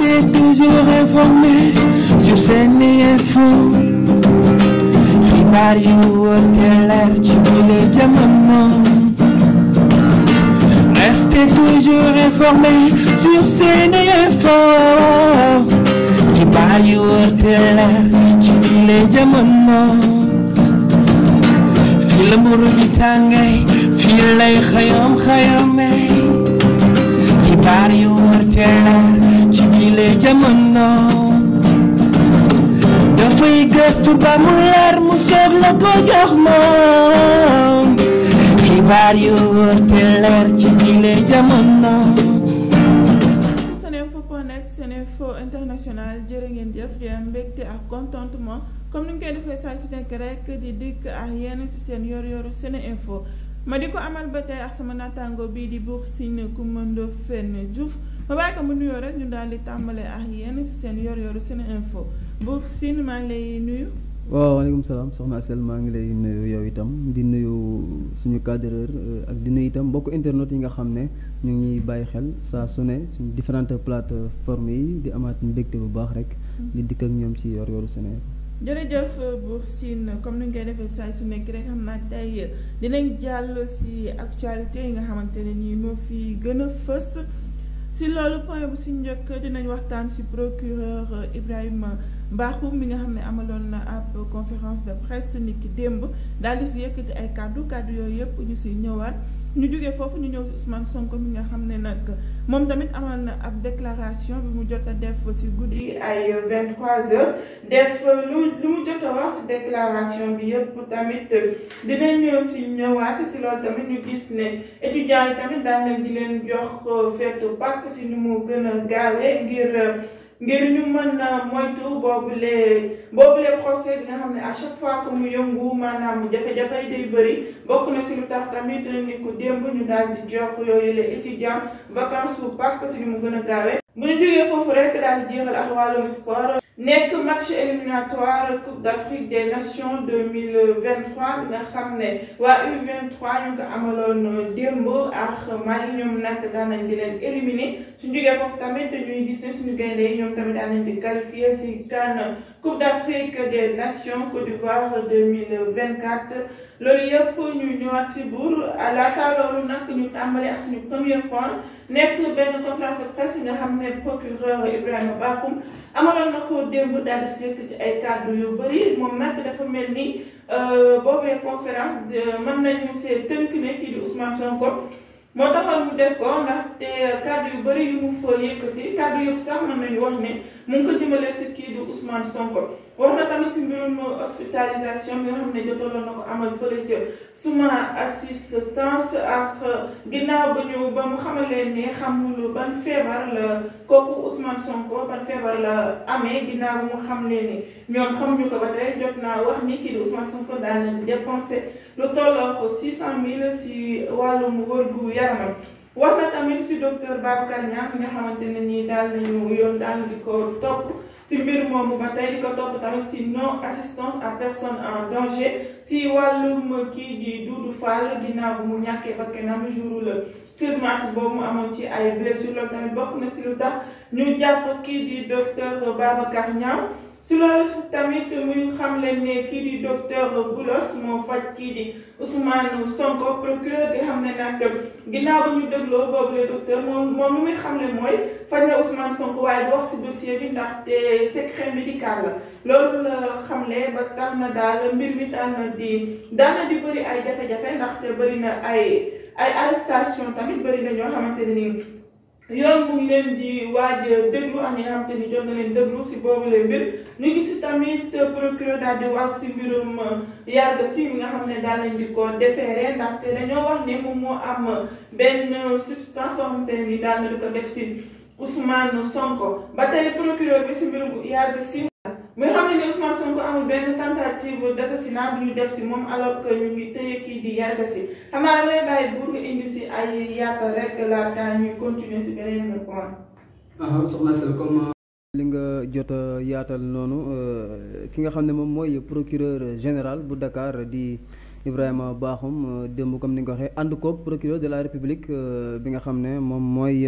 T'es toujours informé sur SeneInfo xibaar yu wóor te leer ci bile jamono Restez toujours informé sur SeneInfo xibaar yu wóor te leer ci bile jamono fii la mburu bi tàngee fii lay xayam xayame eh. xibaar yu wóor te leer doxale jamono dafay gëstu ba mu leer mu soog la ko jox moom xibaar yu wër te leer ci bile jamono Seneinfo point net Seneinfo International jërë ngeen jëf di am ak contentement comme ni ñu koy defee saa su nekk rek di dikk ak yenn ci seen yor yoru Seneinfo ma di ko amal ba tey ak sama naataango bii di Bour Sine Coumba Ndoffène Diouf ma bàyyi ko mu nuyoo rek ñu daal di tàmbale ak yenn si seen yor-yoru seen info Bour Sine maa ngi lay nuyu. waaw waaleykum salaam soxna Asel maa ngi lay nuyu yow itam di nuyu suñu cadreur euh, ak di nuyu itam mbokku internet yi nga xam ne ñu ngi bàyyi xel saa su ne suñu différentes plateformes yi di amaat mbégte bu baax rek. Mm-hmm. di dikk ak ñoom ci yor-yoru seen info. jërëjëf Bour Sine comme ni ñu koy defee saa su nekk rek xam naa tey dinañ jàll si actualité yi nga xamante ne nii moo fi gën a fës. si loolu point bu si njëkk dinañ waxtaan si procureur euh, Ibrahima Mbaxum mi nga xam ne amaloon na ab conférence de presse ni ki démb daal di si yëkkati ay kàddu kàddu yooyu yëpp ñu si ñëwaat. ñu jógee foofu ñu ñëw si Ousmane Sonko mi nga xam ne nag moom tamit amal na ab déclaration bi mu jot a def si guddi ay 23 heures def lu lu mu jot a wax si déclaration bi yëpp tamit dinañ si ñëwaat si loolu tamit ñu gis ne étudiants yi tamit daan di leen jox feetu Pâques si ni mu gën a gaawee ngir. ngir ñu mën a moytu boobule boobule procès bi nga xam ne à chaque fois que mu yëngu maanaam jafe-jafe day bëri bokk na si lu tax tamit ni ko démb ñu daal jox yooyu les étudiants vacances su Pâques si ni mu gën a gaawee. bu ñu jógee foofu rek daal di jeexal ak wàllum sport. nekk match éliminatoire coupe d'Afrique des nations deux mille vingt trois bi nga xam ne waa U23 ñu ko amaloon démb ak Mali ñoom nag daan nañ di leen éliminer su ñu jógee foofu tamit ñuy gis ne suñu gaynde yi ñoom tamit daan nañ di qualifier si CAN Coupe d'Afrique des Nations Côte d'Ivoire 2024 loolu yëpp ñu ñëwaat si buur laata loolu nag ñu tàmbali ak suñu premier point nekk benn conférence de presse yi nga xam ne procureur Ibrahima Bakhoum amaloon na ko démb daal di yëkkati ay kàddu yu bëri moom nag dafa mel ni euh, boobee conférence man nañu see tënk ne kii di Ousmane Sonko moo taxoon mu def ko ndaxte yu bëri yu mu fa yëkkati kàddu yëpp sax mën nañu wax ne mu ngi ko jëmalee si kii du Ousmane Sonko wax na tamit si mbirum hospitalisation bi nga xam ne jotaloon na ko amal fële ca suma assistance ak ginnaaw ba ñu ba mu xamalee ne xamul ban feebar la kooku Ousmane Sonko ban feebar la amee ginnaaw ba mu xamlee ne ñoom xamuñu ko ba tey jot naa wax ni kii du Ousmane Sonko daan na dépensé lu tolloo ko six cent mille si wàllum wërgu yaramam wax na tamit si docteur Babacar Niang nga xamante ne nii daal ñu yoon daal di ko topp si mbir moomu ba tey di ko topp tamit si non assistance à personne en danger si wàllum kii di Doudou Fall ginnaaw bu mu ñàkkee ba kenam jour le 16 mars boobu mu amoon ci ay blessure loolu tamit bokk na si lu tax ñu jàpp ki di docteur Babacar Niang si loolu tamit muy xam leen ne kii di la Boulos moo faj kii di Ousmane Sonko procureur di xam ne nag ginnaaw bu ñu dégloo boobu le docteur moom moom lu muy xam leen mooy faj na Ousmane Sonko waaye du wax si dossier bi ndaxte secret médical la loolu la xamle ba tax na daal mbir mi na di daana di bëri ay jafe-jafe ndaxte bëri na ay ay arrestation tamit bëri na ñoo xamante ne nii yoon mu ngi leen di waaj de ak ñi nga xam te ni jot na leen déglu si boobu leen mbir ñu ngi si tamit procureur daal di wax si mbirum Yarga Sy mi nga xam ne daal nañ ko déféré ndaxte dañoo wax ne moom am benn euh, substance boo xam te ne ni na di ko def si Ousmane Sonko ba tey procureur bi si mbirum Yarga Sy Ah, euh, li nga jot a yaatal noonu euh, ki nga xam ne moom mooy procureur général bu Dakar di Ibrahima Bakhoum euh, démb comme ni nga ko waxee ànd ko procureur de la République bi nga xam ne moom mooy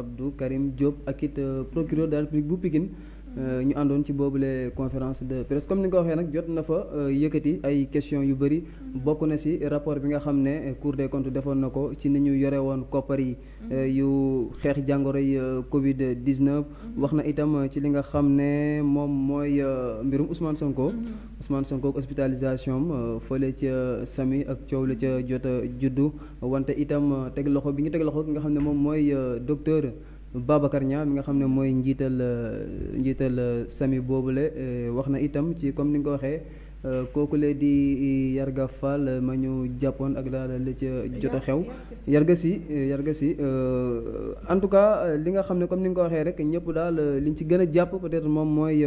Abdou Karim Diop ak it procureur de la République bu Pikine. Euh, ñu àndoon ci boobule conférence de presse comme ni nga waxee nag jot na fa euh, yëkkati ay questions yu bëri bokk na si rapport bi nga xam ne euh, Cour des comptes defoon na ko ci ni ñu yore woon koppar yi yu xeex jàngoro yi Covid 19. wax na itam ci li nga xam ne moom mooy mbirum Ousmane Sonko. Ousmane Sonko hospitalisation am fële ca Sami ak coow la ca jot a juddu wante itam teg loxo bi nga teg loxo ki nga xam ne moom mooy docteur. Babacar Niang mi nga xam ne mooy njiital euh, njiital euh, sami boobule euh, wax na itam ci comme ni nga ko waxee kooku lee di Yarga Fall ma ñu jàppoon ak daal li ca jot a xew Yarga si Yarga si en tout cas li nga xam ne comme ni nga ko waxee rek ñëpp daal liñ ci gën a jàpp peut-être moom mooy.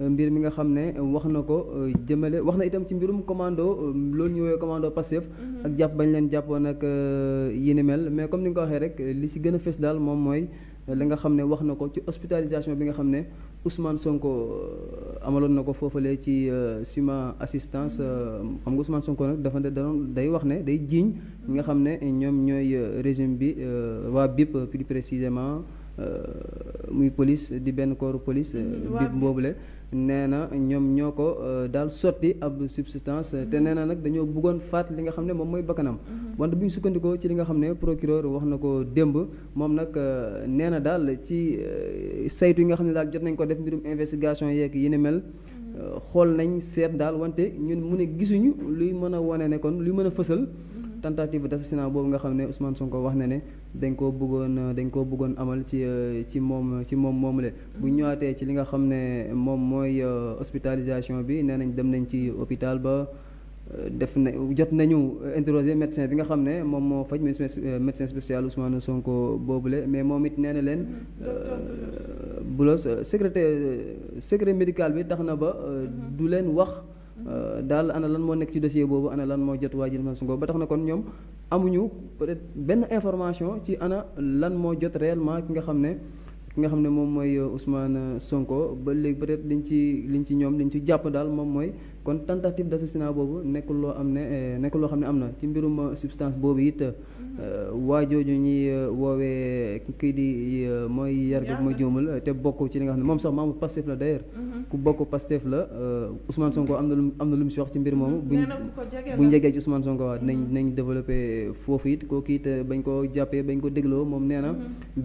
mbir mi nga xam ne euh, wax na ko euh, jëmale wax na itam ci mbirum commando euh, loolu ñu woowee commando Pastef mm-hmm. ak jàpp bañ leen jàppoon ak yi ni mel mais comme ni nga ko waxee rek li ci gën a fës daal moom mooy li nga xam ne wax na ko ci hospitalisation bi nga xam ne Ousmane Sonko amaloon na ko foofalee ci suma assistance mm-hmm. xam nga Ousmane Sonko nag dafa doon day wax ne day jiiñ ñi nga xam ne ñoom ñooy régime bi waa BIP plus précisément muy police di benn corps police mm-hmm. BIP boobule nee na ñoom ñoo ko euh, daal sotti ab substance euh, te nee na nag dañoo bëggoon faat li nga xam ne moom mooy bakkanam mhm. wante bu ñu sukkandikoo ci li nga xam ne procureur wax na ko démb moom nag euh, nee na daal ci saytu yi nga xam ne daal jot nañ ko def mbirum investigation yeeg yi ni mel mhm. xool nañ seet daal wante ñun mu ne gisuñu luy mën a wane ne kon luy mën a fësal mhm. tentative d'assassinat boobu nga xam ne Ousmane ko wax na ne dañ ko bëggoon dañ koo bëggoon amal ci ci moom ci moom moom la bu ñëwaatee ci li nga xam ne moom mooy euh, hospitalisation bi nee nañ dem nañ ci hôpital ba euh, def na jot nañu interroger médecin bi nga xam ne moom moo faj médecin spécial Ousmane Sonko boobule mais moom it nee na leen euh, bulos secrétaire secret médical bi tax na ba du leen wax Euh, daal ana lan moo nekk ci dossier boobu ana lan moo jot waa ji Ousmane Sonko ba tax na kon ñoom amuñu peut-être benn information ci ana lan moo jot réellement ki nga xam ne ki nga xam ne moom mooy euh, Ousmane euh, Sonko ba léegi peut-être liñ ci liñ ci ñoom liñ ci jàpp daal moom mooy kon tentative d'assassinat boobu nekkul loo am ne eh, nekkul loo xam ne am na ci mbirum eh, substance boobu it eh, waa jooju ñuy woowee kii di mooy yar bi ma juumal te bokk ci li nga xam ne moom sax maamu Pastef la d'ailleurs mm-hmm. ku bokk Pastef la Ousmane Sonko am na lu am na lu mu si wax ci mbir moom mm-hmm. buñ buñ jegee ci Ousmane Sonko waa mm-hmm. dinañ dinañ développé foofu it kooku it bañ koo jàppee bañ ko dégloo moom nee na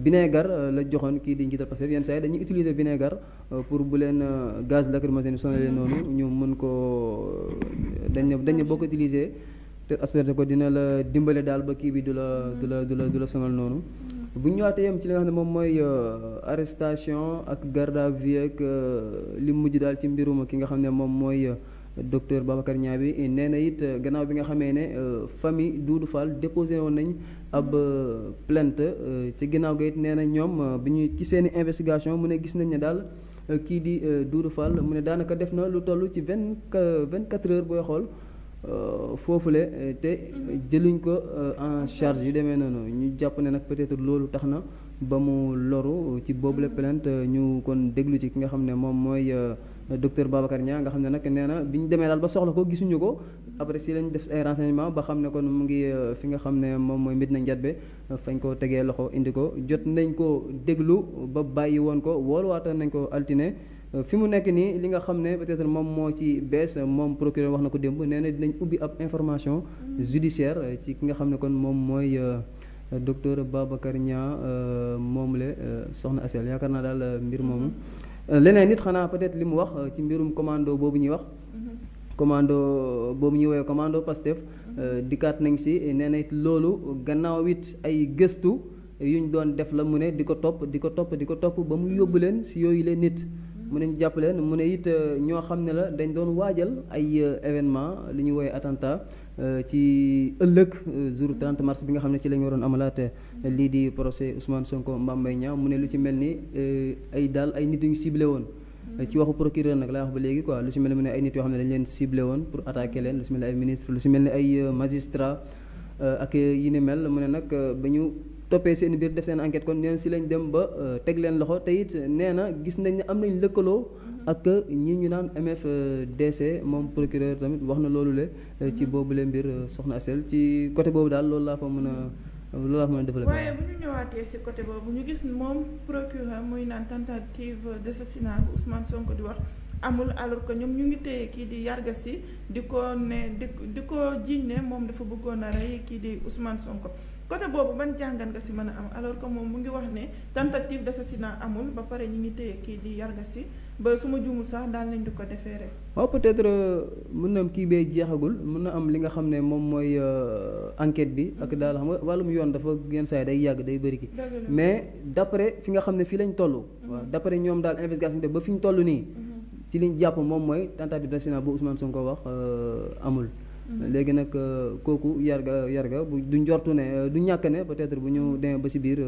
vinaigre la joxoon kii di njiital Pastef yenn saa yi dañuy utiliser vinaigre pour bu leen gaz lacrymogène sonale noonu ñu mën ko ko dañ ne dañ ne boo te asperger ko dina la dimbale daal ba kii bi du la du la du la sonal noonu. bu ñu ñëwaatee yam ci li nga xam ne moom mooy euh, arrestation ak garde à vue ak euh, li mujj daal ci mbirum ki nga xam ne moom mooy euh, docteur Babacar Niabi nee na it gannaaw bi nga xamee ne famille Doudou Fall déposé woon nañ ab plainte ci ginnaaw ga it ñoom bi ñuy ci seen investigation mu ne gis nañ ne daal. Euh, kii di euh, Doudou Fall mu ne daanaka def na lu toll ci vingt euh, vingt quatre heures booy xool foofu foofule te jëluñ ko en charge yu demee noonu ñu jàpp ne nag peut-être loolu tax na ba mu loru ci boobule mm-hmm. plainte ñu kon déglu ci ki nga xam ne moom mooy docteur Babacar Niang nga xam ne nag nee na bi ñu demee daal ba soxla ko gisuñu ko après si lañ def ay renseignement ba xam ne kon mu ngi euh, fi nga xam ne moom mooy Medina Ndiatbé euh, fañ ko tegee loxo indi ko jot nañ ko déglu ba bàyyi woon ko wooluwaata nañ ko altine euh, fi mu nekk nii li nga xam ne peut-être moom moo ci bees moom procureur wax na ko démb nee na dinañ ubbi ab information judiciaire ci ki nga xam ne kon moom mooy docteur Babacar Niang moom le soxna Asel yaakaar naa daal mbir moomu mm-hmm. leneen nit xanaa peut-être li mu wax ci mbirum commando boobu ñuy wax commando boobu ñuy woowee commando Pastef euh, dikkaat nañ si nee na loolu gannaaw it ay gëstu yu ñu doon def la mu ne di ko topp di ko topp di ko topp ba mu yóbbu leen si yooyu leen nit mu ne ñu jàpp leen mu ne it euh, ñoo xam ne la dañ doon waajal ay euh, événement li ñu woowee attentat ci ëllëg jour 30 mars bi nga xam ne ci la ñu waroon amalaat lii di procès Ousmane Sonko Mame Mbaye Niang mu ne lu ci mel ni ay daal ay nit yu ñu ciblé woon Mm-hmm. ci waxu procureur nag laa wax ba léegi quoi lu si mel ne ay nit yoo xam ne leen ciblé woon pour attaquer leen lu si mel ne ay ministre lu si mel ne ay euh, magistrat euh, ak yi ni mel mu ne nag euh, ba ñu toppee seen biir def seen enquête kon neen si lañ dem ba teg leen loxo te it nee na gis nañ ne am nañ lëkkaloo mm-hmm. ak ñii ñu naan mf MFDC moom procureur tamit wax na loolu le ci mm-hmm. boobu le mbir soxna Asel ci côté boobu daal loolu laa fa mën a loolu laa mën a développé waaye bu ñu ñëwaatee si côté boobu ñu gis moom procureur muy naan tentative d'assassinat bu Ousmane Sonko di wax amul alors que ñoom ñu ngi téye kii di yarga si di ko ne di di ko jiiñ ne moom dafa bëggoon a rey kii di Ousmane Sonko côté boobu ban jàngan nga si mën a am alors que moom mu ngi wax ne tentative d'assassinat amul ba pare ñu ngi téye kii di yarga si ba su ma juumul sax daan nañ di ko defee rek. waaw peut-être euh, mën na kii bee jeexagul mën na am li nga xam ne moom mooy euh, enquête bi ak daal xam nga mu yoon dafa yenn saa yi day yàgg day bëri ki mais d'après fi nga xam ne fii lañ toll. Mhm. waaw ñoom daal investigation bi ba fi ñu toll nii. Mhm. ci liñ jàpp moom mooy tentative d'assassinat bu Ousmane Sonko wax euh, amul. Mhm. léegi nag kooku yarga yarga bu du njortu ne du ñàkk ne peut-être bu ñu demee ba ci biir.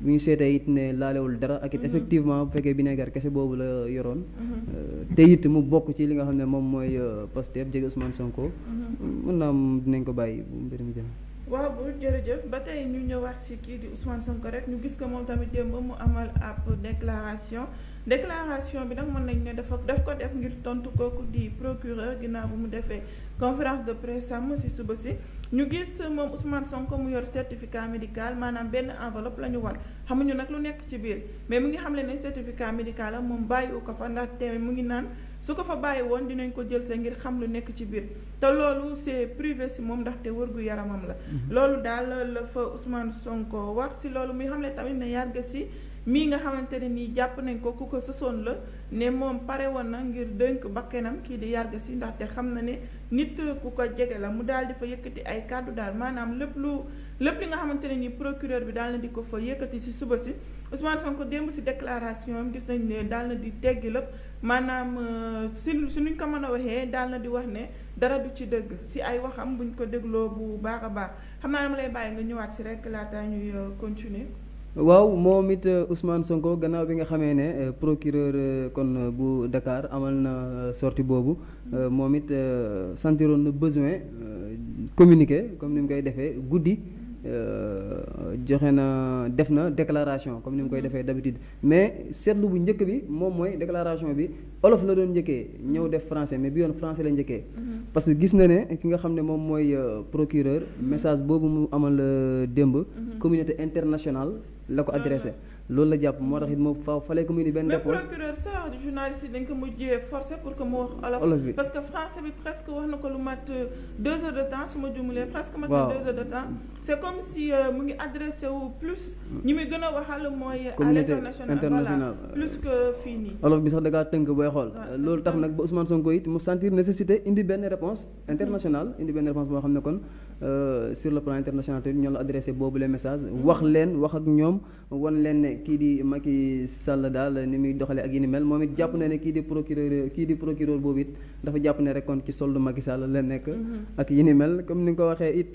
bu ñu seetee it ne laalewul dara ak it mhm. effectivement bu fekkee vinaigre kese boobu la yoroon mhm. euh, te it mu bokk ci li nga xam ne moom mooy euh, Pastef jege Ousmane Sonko mhm. mën na dinañ ko bàyyi bu mbir mi jëm waaw bu jërëjëf ba tey ñu ñëwaat si kii di Ousmane Sonko rek ñu gis ko moom tamit démb mu amal ab déclaration déclaration bi nag mën nañ ne dafa daf ko def ngir tontu kooku di procureur ginnaaw bu mu defee conférence de presse sàmm si suba si ñu gis moom Ousmane Sonko mu yor certificat médical maanaam benn enveloppe la ñu wan xamuñu nag lu nekk ci biir mais mu ngi xam le ne certificat médical la moom bàyyiwu ko fa ndax te mu ngi naan su ko fa bàyyi woon dinañ ko jël sa ngir xam lu nekk ci biir te loolu c'est privé si moom ndax ndaxte wërgu yaramam la mhm. loolu daal la fa Ousmane Sonko wax si loolu muy xam le tamit ne yàgg si mii nga xamante ne nii jàpp nañ ko ku ko sësoon la ne moom pare woon na ngir dënk bakkenam kii di yàgg si ndaxte xam na ne nit ku ko jege la mu daal di fa yëkkati ay kàddu daal maanaam lépp lu lépp li nga xamante ne ni procureur bi daal na di ko fa yëkkati si suba si Ousmane Sonko démb si déclaration gis nañ ne daal na di teggi lépp maanaam euh, si si nuñ ko mën a waxee daal na di wax ne dara du ci dëgg si ay waxam buñ ko dégloo bu baax a baax xam naa dama lay bàyyi nga ñëwaat si rek laata ñuy euh, continuer. waaw moom it euh, Ousmane Sonko gannaaw bi nga xamee ne euh, procureur euh, kon bu Dakar amal na sorti boobu moom it sentiroon na besoin communiqué comme ni mu koy defee guddi joxe na def na déclaration comme ni mu koy defee d'habitude mais seetlu bu njëkk bi moom mooy déclaration bi olof la doon njëkkee ñëw def français mais bi yoon français la njëkkee mm-hmm. parce que gis na ne ki nga xam ne moom mooy procureur message boobu mu amal démb mm-hmm. communauté international la ko adressé loolu la jàpp moo tax it moom fa fallait que mu indi benn réponse procureur sax journaliste yi dañ ko mujjee forcé pour que mu wax olof bi parce que français bi presque wax na ko lu mat deux heures de temps su ma jumulee presque mat deux heures de temps c'est comme si euh, mu ngi adressé wu plus. Mm. ñi muy gën a waxal mooy. à l'international euh, plus que fii nii. olof bi sax da ngaa tënk booy xool. loolu tax nag ba Ousmane Sonko it mu sentir nécessité indi benn réponse internationale mm-hmm. indi benn réponse boo xam ne kon euh, sur le plan international tamit ñoo la adressé boobu les message mm-hmm. wax leen wax ak ñoom wan leen ne kii di Macky Sall daal ni muy doxalee ak yi ni mel moom it jàpp na ne kii di procureur kii di procureur boobu it dafa jàpp ne rek kon ci soldu Macky Sall la nekk. Mm-hmm. ak yi ni mel comme ni nga ko waxee it.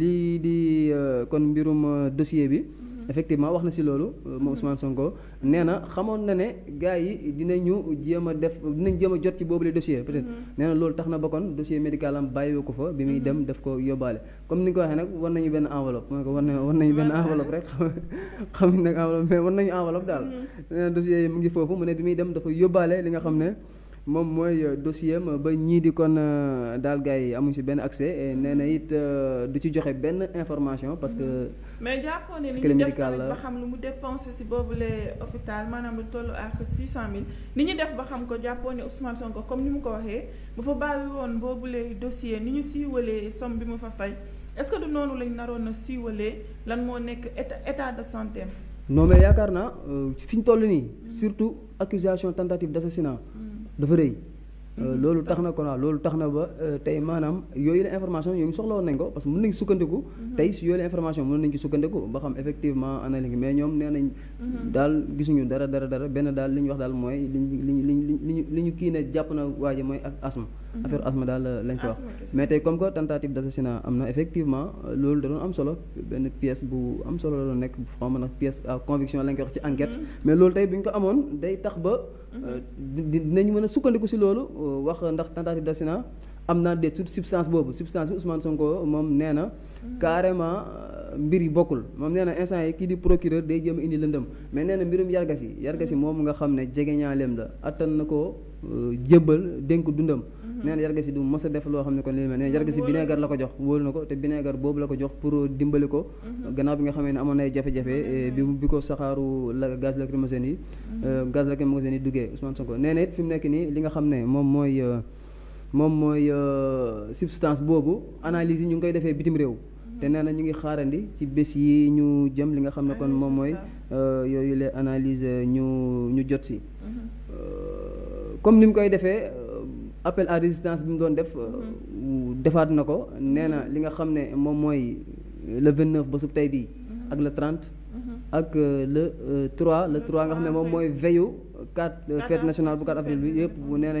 lii di euh, kon mbirum euh, dossier bi. Mm-hmm. effectivement wax na si loolu euh, moom mm-hmm. Ousmane Sonko nee na xamoon na ne gars yi dinañu jéem a def dinañ jéem a jot ci boobu le dossier peut-être mm-hmm. nee loolu tax na ba kon dossier médical am bàyyiwu ko fa bi muy dem daf ko yóbbaale comme ni nga ko waxee nag war nañu benn enveloppe mooy ko war na war nañu benn enveloppe rek xam nag enveloppe mais war nañu enveloppe daal nee na mu ngi foofu mu ne bi muy dem dafa yóbbaale li nga xam ne moom mooy euh, dossier am ba ñii di kon euh, daal gars yi amuñ si benn accès nee na it euh, du ci joxe benn information parce que. Mm-hmm. mais jàppoon ne ni ñu def ba xam lu mu dépensé si boobule hôpital maanaam lu toll ak 600000 ni ñu def ba xam ko jàppoon ne Ousmane comme ni mu ko waxee bu fa bàyyi woon lee dossier ni ñu siiwalee somme bi mu fa fay est-ce que du noonu lañ naroon na siiwalee lan moo nekk état de santé non mais yaakaar naa fi ñu toll nii. surtout accusation tentative d'assassinat. Mm-hmm. dafa rëy. Mm-hmm. Euh, loolu tax na ko waaw loolu tax na ba euh, tey maanaam yooyu la information yooyu soxla woon nañ ko parce que mën nañ sukkandiku. Mm-hmm. tey si yooyu la information mën nañ ci sukkandiku ba xam effectivement ana li mais ñoom nee nañ. Mm-hmm. daal gisuñu dara dara dara benn daal li ñu wax daal mooy li ñu li ñu li ñu li ñu kii ne jàpp na waa ji mooy asma. affaire asma daal euh, lañ ko wax mais tey comme que tentative d'assassinat am na effectivement loolu da doon am solo benn pièce bu am solo la doon nekk xaw ma nag pièce à conviction lañ koy wax ci enquête mm-hmm. mais loolu tey bu ñu ko amoon day tax ba mm-hmm. euh, dinañ mën a sukkandiku si loolu euh, wax ndax tentative d'assassinat am naa déet surtout substance boobu substance bi Ousmane Sonko moom nee na mm-hmm. carrément mbir yi bokkul moom nee na instant yi kii di procureur day jéem indi lëndam mais nee na mbirum yargas yi yargas yi moom nga xam ne jegeñaaleem la attan na ko jébbal dénk dundam Mhm. nee na loo xam ne kon li mel nee na yarga si ko jox na ko te bineegar boobu la ko jox pour ko mhm. gannaaw bi nga xamee ne amoon nay jafe-jafe eh, bi bi ko saxaaru la gaz mhm. eh, nee na it fi mu nekk nii li nga xam ne moom mooy eh, moom mooy substance boobu analyse ñu ngi koy defee bitim réew te nee na ñu ngi xaarandi ci bés yi ñu jëm li nga xam ne kon moom mooy yooyu les analyses ñu ñu jot si comme ni mu koy defee appel à résistance bi mu doon def euh, defaat na ko nee na li nga xam ne moom mooy euh, le 29 ba sub tey bii mm-hmm. ak le 30 mm-hmm. ak euh, le 3 le 3 nga xam ne moom mooy veyu 4 fête nationale bu 4 avril bi yëpp nee na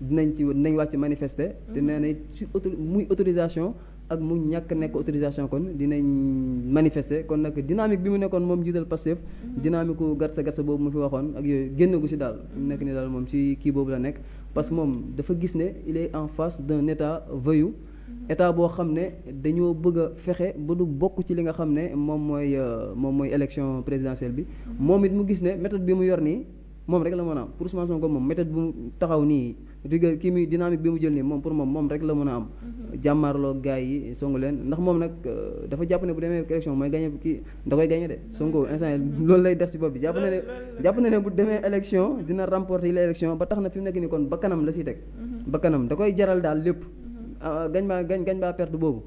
dinañ ci dinañ wàcc manifester te mm-hmm. nee na ci auto muy autorisation ak mu ñàkk nekk autorisation kon dinañ manifester kon nag dynamique bi mu nekkoon moom jiital Pastef mhm. dynamique gu gatsa gatsa boobu mu fi waxoon ak yooyu génn gu si daal mu nekk ni daal moom ci kii boobu la nekk parce que moom dafa gis ne il est en face d'un état voyou mhm. état boo xam ne dañoo bëgg a fexe ba du bokk ci li nga xam ne moom mooy euh, moom mooy élection présidentielle bi mhm. moom it mu gis ne méthode bi mu yor nii moom rek la mën a am pour Ousmane Sonko moom méthode bu taxaw nii rigueur kii muy dynamique bi mu jël nii moom pour moom moom rek la mën a am mhm. jàmmaarloo gars yi songu leen ndax moom nag euh, dafa jàpp ne bu demee élection mooy gagné kii da koy gagné de mhm. Sonko instant mhm. loolu lay def ci bopp bi jàpp na ne jàpp na ne bu demee élection dina remporter yi élection ba tax na fi mu nekk nii kon bakkanam la siy teg bakkanam da koy jaral daal lépp ah, gañ baa gañ gañ baa perte boobu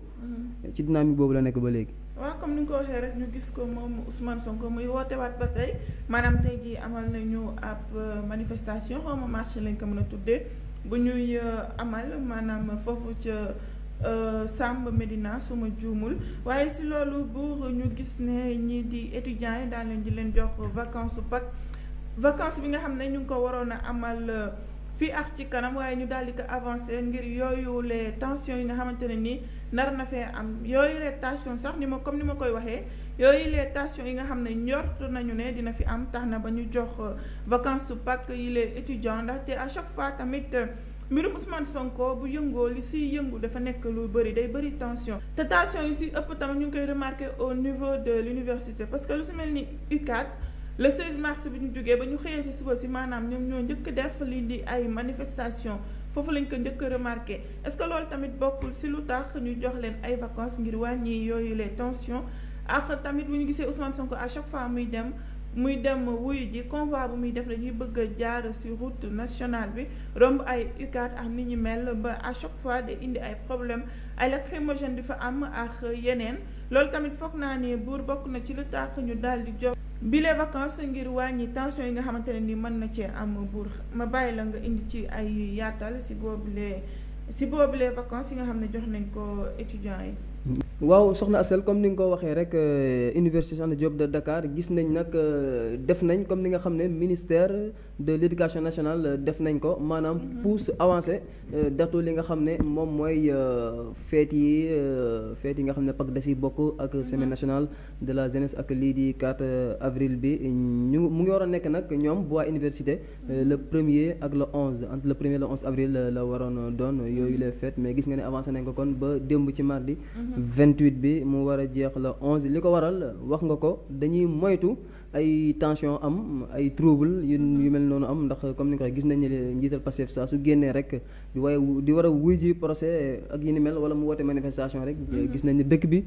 ci dynamique boobu la nekk ba léegi waaw comme ni nga ko waxee rek ñu gis ko moom Ousmane Sonko muy woote waat ba tey maanaam tey jii amal nañu ab euh, manifestation xaw ma marché lañ ko mën a tuddee bu ñuy euh, amal maanaam foofu ca euh, Samb Medina su ma juumul waaye si loolu buur ñu gis ne ñii di étudiants yi daal leen di leen jox vacances su Pâques vacance bi nga xam ne ñu ngi ko waroon a amal. fii ak ci kanam waaye ñu daal di ko avancé ngir yooyu les tensions yi nga xamante ne nii nar na fee am yooyu les tensions sax ni ma comme ni ma koy waxee yooyu les tensions yi nga xam ne njort nañu ne dina fi am tax na ba ñu jox euh, vacances su pack yi les étudiants ndaxte à chaque fois tamit euh, mbirum Ousmane Sonko bu yëngoo li si yëngu dafa nekk lu bëri day bëri tension te tension yi si ëpp tamit ñu ngi koy remarqué au niveau de l'université parce que lu si mel le 16 mars bi ñu jógee ba ñu xëyee ci suba si maanaam ñoom ñoo njëkk def lii di ay manifestation foofu lañ ko njëkk remarqué est que loolu tamit bokkul ci lu tax ñu jox leen ay vacances ngir wàññi yooyu les tensions ak tamit bu ñu gisee Ousmane Sonko à chaque fois muy dem muy dem wuyu ji convoi bu muy def dañuy bëgg a jaar ci route nationale bi romb ay UCAD ak ni ñu mel ba à chaque fois day indi ay problème ay lacrymogène di fa am ak yeneen loolu tamit foog naa ne buur bokk na ci lu tax ñu daal di jox bile vacances ngir wàññi tension yi nga xamante ne ni mën na cee am buur ma bàyyi la nga indi ci ay yaatal si boobule si boobule vacances yi nga xam ne jox nañ ko étudiants yi. waaw soxna Asel comme ni nga ko waxee rek euh, université Cheikh Anta Diop de Dakar gis nañ nag euh, def nañ comme ni nga xam ne ministère de l' éducation nationale euh, def nañ ko maanaam pousse avancé datu li nga xam ne moom mooy fête yi fête yi nga xam ne PAK da si bokk ak semaine nationale de la jeunesse ak lii di 4 avril bi ñu mu ngi war a nekk nag ñoom bu waa université le premier ak le 11 entre le premier le 11 avril la waroon doon yooyu les fêtes mais gis nga ne avancé nañ ko kon ba démb ci mardi. vingt 28 bi mu war a jeex la 11 li ko waral wax nga ko dañuy moytu ay tension am ay trouble yu yu mel noonu am ndax comme ni nga ko gis nañu ne njiital Pastef saa su génnee rek di waaye di war a wuy ji procès ak yi ni mel wala mu woote manifestation rek mm-hmm. gis nañ ne dëkk bi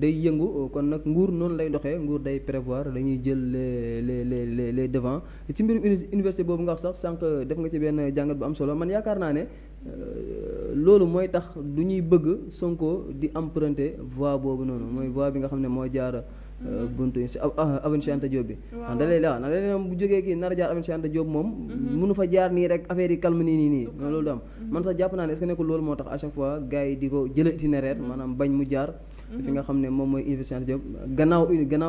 day yëngu kon nag nguur noonu lay doxee nguur day prévoir dañuy jël les les les les devant ci mbirum université boobu nga wax sax sànq def nga ci benn jàngat bu am solo man yaakaar naa ne euh, loolu mooy tax du ñuy bëgg Sonko di am emprunter voie boobu noonu mooy voie bi nga xam ne moo jaar euh, mm-hmm. buntu si avenue si Anta Diop bi ndax da lay la ndax da lay bu jógee kii nar a jaar avenue Cheikh Anta Diop moom mënu mm-hmm. fa jaar nii rek affaire yi calme nii nii nii loolu du man sax jàpp naa ne est-ce nekkul loolu moo tax à chaque fois gars yi di ko jël itinéraire mm-hmm. maanaam bañ mu jaar fi nga xam ne moom mooy université Anta Diop gannaaw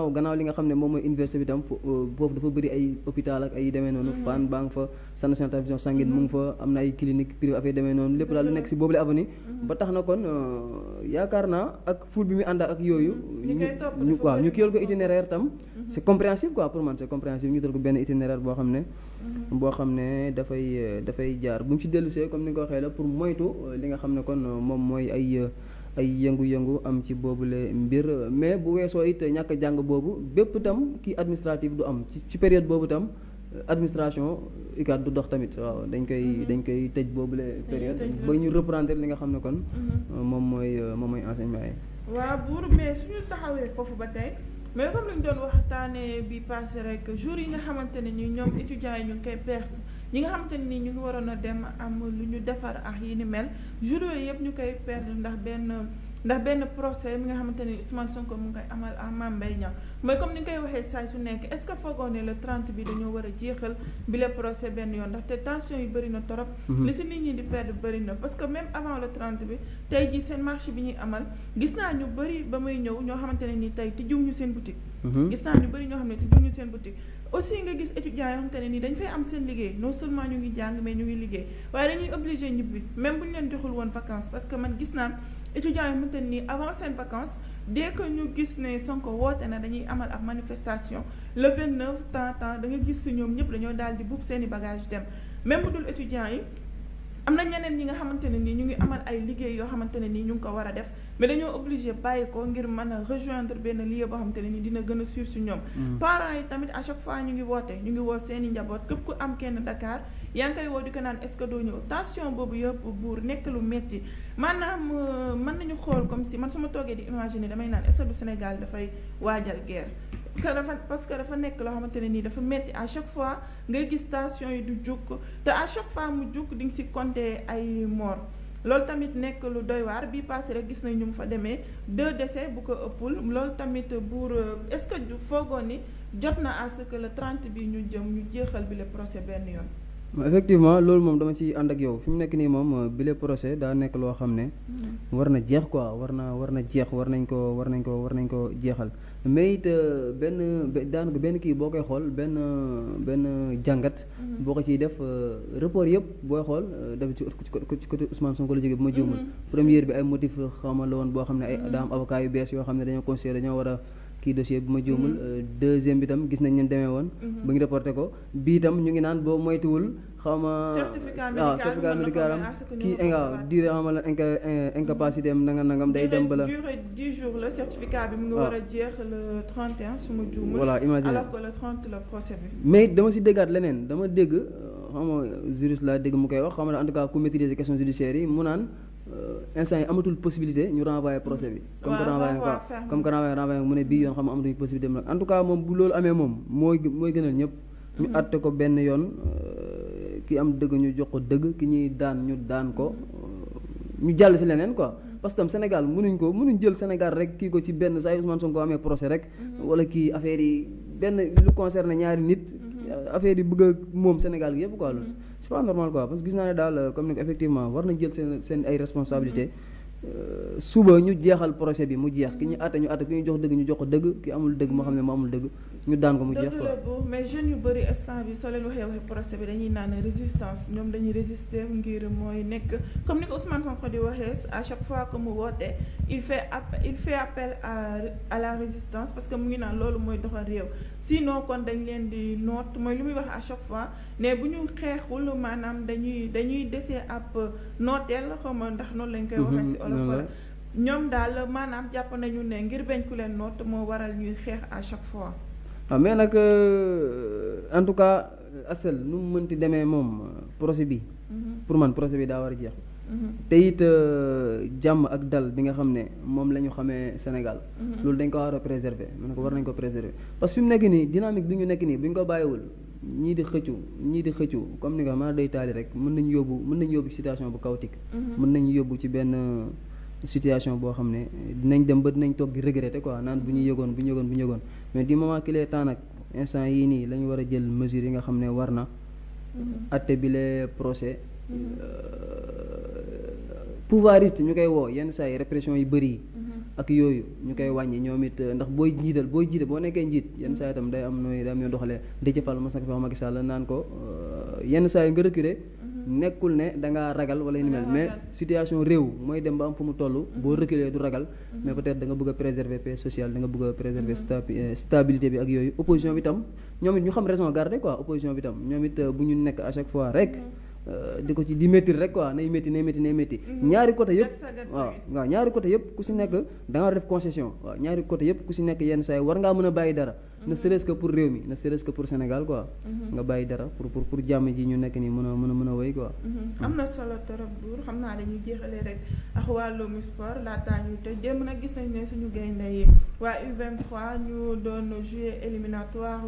nga xam ne moom mooy université bi tam foofu euh, dafa bëri ay hôpital ak ay demee noonu mm-hmm. Fann baa nga fa Centre national transfusion sanguine mu ngi fa am na ay clinique privée affaire demee noonu lépp daal lu nekk si boobu la avenue mm-hmm. ba tax na kon euh, yaakaar naa ak foule bi muy ànd ak yooyu mm-hmm. ñu waaw ñu kiyal ko itinéraire tam c'est compréhensible quoi pour man c'est compréhensible ñu tal ko benn itinéraire boo xam ne boo xam ne dafay euh, dafay jaar bu mu ci dellusee comme ni nga ko waxee la pour moytu li nga xam ne kon moom mooy ay ay yëngu-yëngu am ci la mbir mais bu weesoo it ñakk jàng boobu bépp tam kii administrative du am ci ci période boobu tam administration UCAD du dox tamit waaw dañ koy mhm. dañ koy tëj boobule période ba ñu reprendre li nga xam ne kon mhm. moom mooy moom mooy enseignement yi waaw buur mais suñu taxawee foofu ba tey mais comme lañ doon waxtaanee bi passé rek jour yi nga xamante ne ñoom étudiants yi ñu koy perte ñi nga xamante ni ñu ngi waroon a dem am lu ñu defar ak yi ni mel jour yooyu yëpp ñu koy perdre ndax benn ndax benn procès mi nga xamante ni Ousmane Sonko mu ngi koy amal à Mame Mbaye Niang mooy comme ni nga koy waxee saa su nekk est-ce que foogoo ne le 30 bi dañoo war a jeexal bi le procès benn yoon ndaxte tension yi bëri na torop mhm. li si nit ñi di perdre bëri na parce que même avant le 30 bi tey jii seen marché bi ñuy amal gis naa ñu bëri ba may ñëw ñoo xamante ne ni tey tijjuw ñu seen boutique mhm. gis naa ñu bëri ñoo xam ne seen boutique aussi nga gis étudiants yoo xamante ne nii dañ fay am seen liggéey non seulement ñu ngi jàng mais ñu ngi liggéey waaye dañuy obligé ñibbi même bu ñu leen joxul woon vacances parce que man gis naa étudiants yoo xamante ne nii avant seen vacances dès que ñu gis ne Sonko woote na dañuy amal ak manifestation le 29 temps temps da gis si ñoom ñëpp dañoo daal di buub seeni i bagage dem même bu dul étudiants yi am na ñeneen ñi nga xamante ne nii ñu ngi amal ay liggéey yoo xamante ne nii ñu ngi ko war a def mais dañoo obligé bàyyi ko ngir mën a rejoindre benn lieu boo xam te ne ni dina gën a suivre su ñoom mm. parents yi tamit à chaque fois ñu ngi woote ñu ngi woo seeni i njaboot képp ku am kenn Dakar yaa ngi woo di ko naan est-ce que doo ñëw tension boobu yëpp buur nekk lu metti maanaam euh, mën nañu xool comme si man su ma toogee di imaginer damay naan est-ce Sénégal dafay waajal guerre parce que dafa parce que dafa nekk loo xamante ne nii dafa metti à chaque fois ngay gis tension yi du jukk te à chaque fois mu jukk di nga si compter ay mort loolu tamit nekk lu doy waar bi passé rek gis nañ ñu mu fa demee deux décès bu ko ëppul loolu tamit buur est-ce que foogoon ni jot na à ce que le 30 bi ñu jëm ñu jeexal bi le benn yoon. effectivement loolu moom dama ci ànd ak yow fi mu nekk nii moom euh, bile procès daa nekk loo xam ne. Hmm. war na jeex quoi war na war na jeex war nañ ko war nañ ko war nañ ko jeexal. mais it euh, benn daanaka benn kii boo koy xool benn benn jàngat. Mm-hmm. boo ko ci def euh, rapport yëpp booy xool euh, def ci côté Ousmane Sonko la jógee bu ma juumul. Mm-hmm. première bi ay motif xamal la woon boo xam ne ay mm-hmm. daa am yu bees yoo xam ne dañoo conseillé dañoo wara kii dossier bi ma juumul. Mhm. Euh, deuxième bi tam gis nañ ñu demee woon. ba mhm. ñu reporté ko bii tam ñu ngi naan boo moytuwul. xaw ma waaw certificat médical am kii nga diire xaw ma la euh, incapacité am a imagine alors dama si déggaat leneen dama dégg euh, xaw ma laa dégg mu koy wax xaw ma ku maîtriser question judiciaire yi mu naan. Euh, instant yi amatul possibilité ñu renvoyer procès bi. comme que renvoyer quoi mu ne bii yoon xam amatuñu possibilité mu en tout cas moom bu loolu amee moom mooy mooy gënal ñëpp. ñu mm-hmm. àtte ko benn yoon euh, ki am dëgg ñu jox ko dëgg ki ñuy daan ñu daan ko euh, ñu jàll si leneen quoi. Mm-hmm. parce que tam Sénégal mënuñ ko mënuñ jël Sénégal rek kii ko ci benn saa yu Ousmane Sonko amee procès rek. Mm-hmm. wala kii affaire yi benn lu concerne ñaari nit. affaire yi bëgg a moom Sénégal gi yëpp quoi loolu. c'est pas normal quoi parce que gis naa ne daal euh, comme ni ko effectivement war nañ jël seen seen ay responsabilité euh, suba ñu jeexal procès bi mu jeex ki ñu àtte ñu àtte ki ñu jox dëgg ñu jox ko dëgg ki amul dëgg moo xam ne mu amul dëgg ñu daan ko mu jeex quoi mais jeunes yu bëri instant bi soo leen waxee waxee procès bi dañuy naan résistance ñoom dañuy résister ngir mooy nekk comme ni ko Ousmane Sonko di waxee à chaque fois que mu woote il fait appel il fait appel à la résistance parce que mu ngi naan loolu mooy doxal réew sinon kon dañ leen di noot mooy li muy wax à chaque fois ne bu ñu xeexul maanaam dañuy dañuy desee ab euh, nooteel xaw ma ndax noonu lañ koy waxee si mhm, olof wala ñoom daal maanaam jàpp nañu ne ngir bañ ku leen noot moo waral ñuy xeex à chaque fois waaw ah, mais nag euh, en tout cas Asel nu mu mënti demee moom euh, procès bi mhm. pour man procès bi daa war a jeex Mhm. te it euh, jàmm ak dal bi nga xam ne moom la ñu xamee Sénégal. Mhm. loolu dañ ko war a préserver man ko war nañ ko mhm. préserver parce que fi nekk nii dynamique bi ñu nekk nii bu ñu ko bàyyiwul ñii di xëccu ñii di xëccu comme ni nga xam ne day taali rek mën nañu yóbbu mën nañu yóbbu situation bu chaotique. mën nañu yóbbu ci benn. Euh, situation boo xam ne dinañ dem ba dinañ toog di te ko naan bu ñu yëgoon bu ñu yëgoon bu ñu yëgoon mais di moment qu'il est temps nag instant yii nii la war a jël mesures yi nga xam ne war na. atte bi les procès Euh, pouvoir it ñu koy woo yenn saa yi répression yi bëri mm-hmm. ak yooyu ñu koy wàññi ñoom it euh, ndax booy jiital booy jiital boo nekkee njiit yenn saa yi itam day am nooy day am ñoo doxalee Déthié Fall mas na ko fi wax naan ko euh, yenn saa yi nga reculer mm-hmm. nekkul ne da ngaa ragal wala ni mel mais situation réew mooy dem ba am fu mu toll mm-hmm. boo reculer du ragal mais peut-être da nga bëgg a préserver paix sociale da nga bëgg a préserver stabilité bi ak yooyu opposition bi tam ñoom it ñu xam raison garder quoi opposition bi tam ñoom it bu ñu nekk à fois rek Euh, di ko ci di métti rek quoi nay métti nay métti nay métti mm-hmm. ñaari côté yëpp waaw waaw ñaari côté yëpp ku si nekk da nga def concession waaw ñaari côté yëpp ku si nekk yenn saa yi war nga mën a bàyyi dara ne mm-hmm. serait-ce que pour réew mi ne serait-ce que pour Sénégal quoi mm-hmm. nga bàyyi dara pour pour jàmm ji ñu nekk nii mën a mën a mën a wéy quoi am na solo torop duur xam naa dañuy jeexalee rek ak wàllum sport laataa ñu te jéem nag gis nañ ne suñu gaynde yi waa U23 ñu doon jouer éliminatoire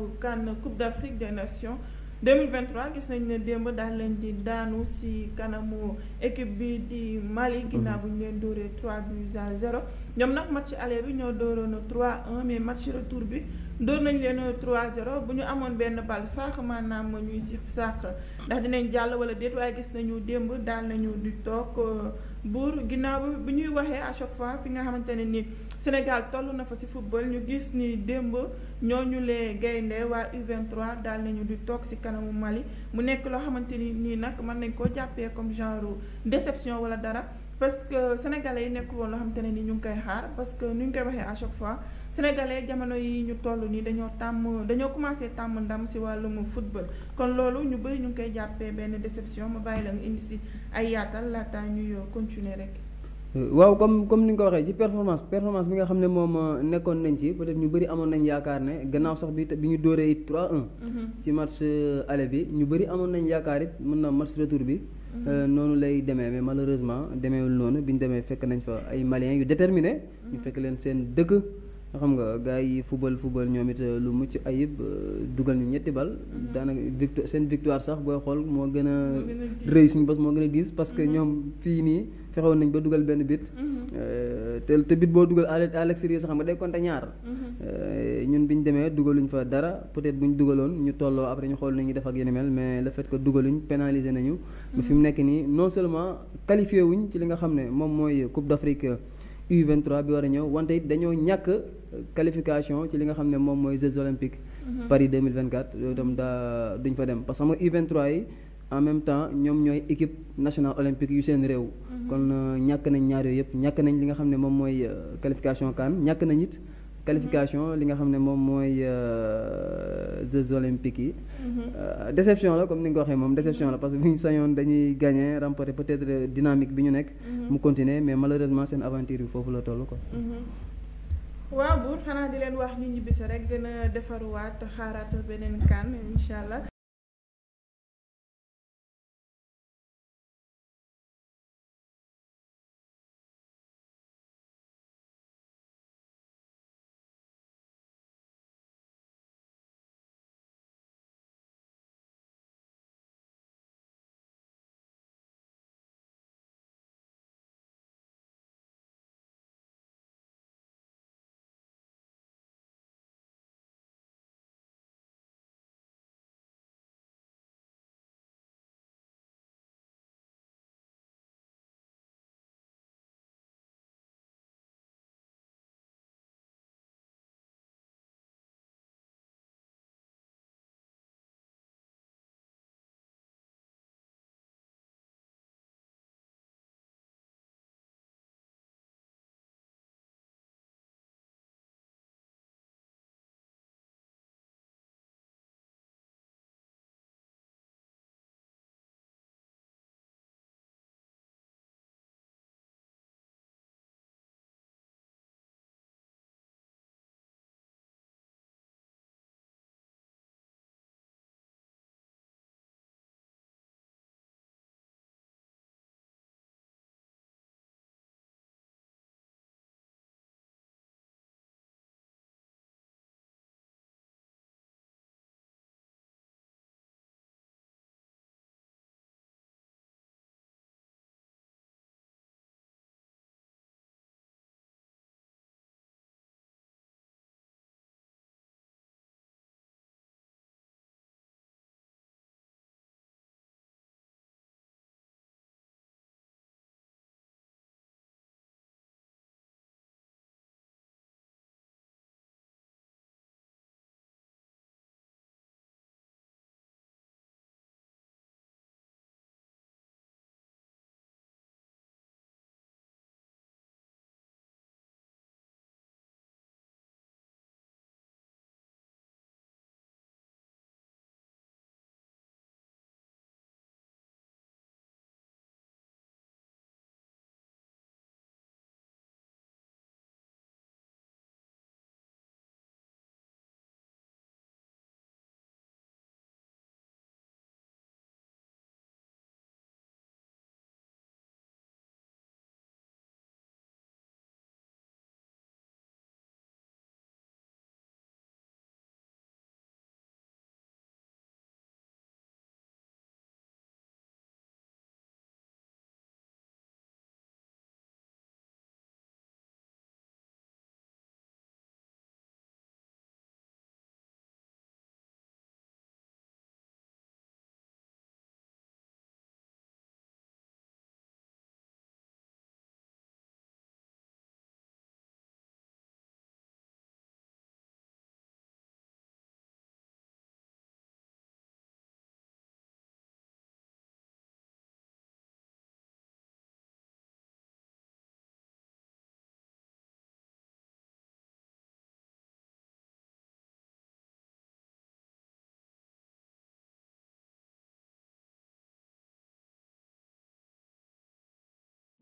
mille 2023 gis nañ ne démb daal leen di daanu si kanamu équipe bi di Mali. Mhm. ginnaaw bu ñu leen dóoree 3 buts à 0. ñoom nag match aller bi ñoo dóoroon 3-1 mais match retour bi dóor nañ leen 3-0 bu ñu amoon benn bal sax maanaam ñuy si sax ndax dinañ jàll wala déet waaye gis nañu démb daal nañu di toog. Euh, buur ginnaaw bi ñuy waxee à chaque fois fi nga xamante ne ni Sénégal toll na fa ci football ñu gis ni démb ñooñu lee gaynde waa U23 daal nañu di toog ci kanamu Mali mu nekk loo xamante ni nii nag mën nañ koo jàppee comme genre déception wala dara. parce que sénégalais yi nekk woon loo xamante ni ñu ngi koy xaar parce que ni ñu koy waxee à chaque fois sénégalais jamono yi ñu toll nii dañoo tàmm dañoo commencé tàmm ndam si wàllum football. kon loolu ñu bëri ñu ngi koy jàppee benn déception ma bàyyi la nga indi si ay yaatal laataa ñuy continuer rek. waaw comme comme ni nga ko waxee ci performance performance bi nga xam ne moom euh, nekkoon nañ ci peut-être ñu bëri amoon nañ yaakaar ne gannaaw sax bi bi ñu dóoree it 3-1. Mhm. ci euh, bi ñu bëri amoon nañ yaakaar it mën na match retour bi. Euh, noonu lay demee mais malheureusement demeewul noonu bi ñu demee fekk nañ fa ay maliens yu déterminé ñu fekk leen seen dëkk xam nga gars yi football football ñoom it lu mucc ayib euh, dugal ñu ñetti bal mhm. daanaka victoire seen victoire sax booy xool moo gën a rëy suñu bos moo gën a gis parce que mhm. ñoom fii nii fexewoon nañ ba dugal benn bit mhm. euh, te te bit boo dugal à l'extérieur sax xam nga day compter ñaar euh, ñun bi ñu demee dugaluñ fa dara peut-être bu ñu dugaloon ñu tolloo après ñu xool nañu def ak yeneen mel mais le fait que dugaluñ pénaliser nañu ba fi mu nekk nii non seulement qualifié wuñ ci li nga xam ne moom mooy Coupe d'Afrique U23 bi war a ñëw wante it dañoo ñàkk euh, qualification ci li nga xam ne moom mooy Jeux olympiques. Mhm. Paris 2024 yooyu itam daa duñ fa dem parce que xam nga u yi en même temps ñoom ñooy équipe nationale olympique yu seen réew. Mhm. kon euh, ñàkk nañ ñaar yooyu yëpp ñàkk nañ li nga xam ne moom mooy euh, qualification CAN ñàkk nañ it. qualification li nga xam ne moom mooy euh, Jeux olympiques yi. Euh, déception la comme ni nga ko waxee moom déception la parce que bu ñu sañoon dañuy gagner remporter peut-être euh, dynamique bi ñu nekk. Mhm. mu continuer mais malheureusement seen aventure yi foofu la toll quoi. Mhm. waaw buur xanaa di leen wax ñu ñibbisi rek gën a defaruwaat xaaraat beneen kan incha allah.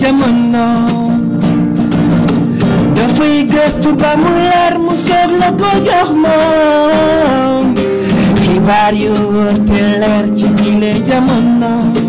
jamono dafay gëstu ba mu leer mu soog la ko jox moom yu wër ci bile jamono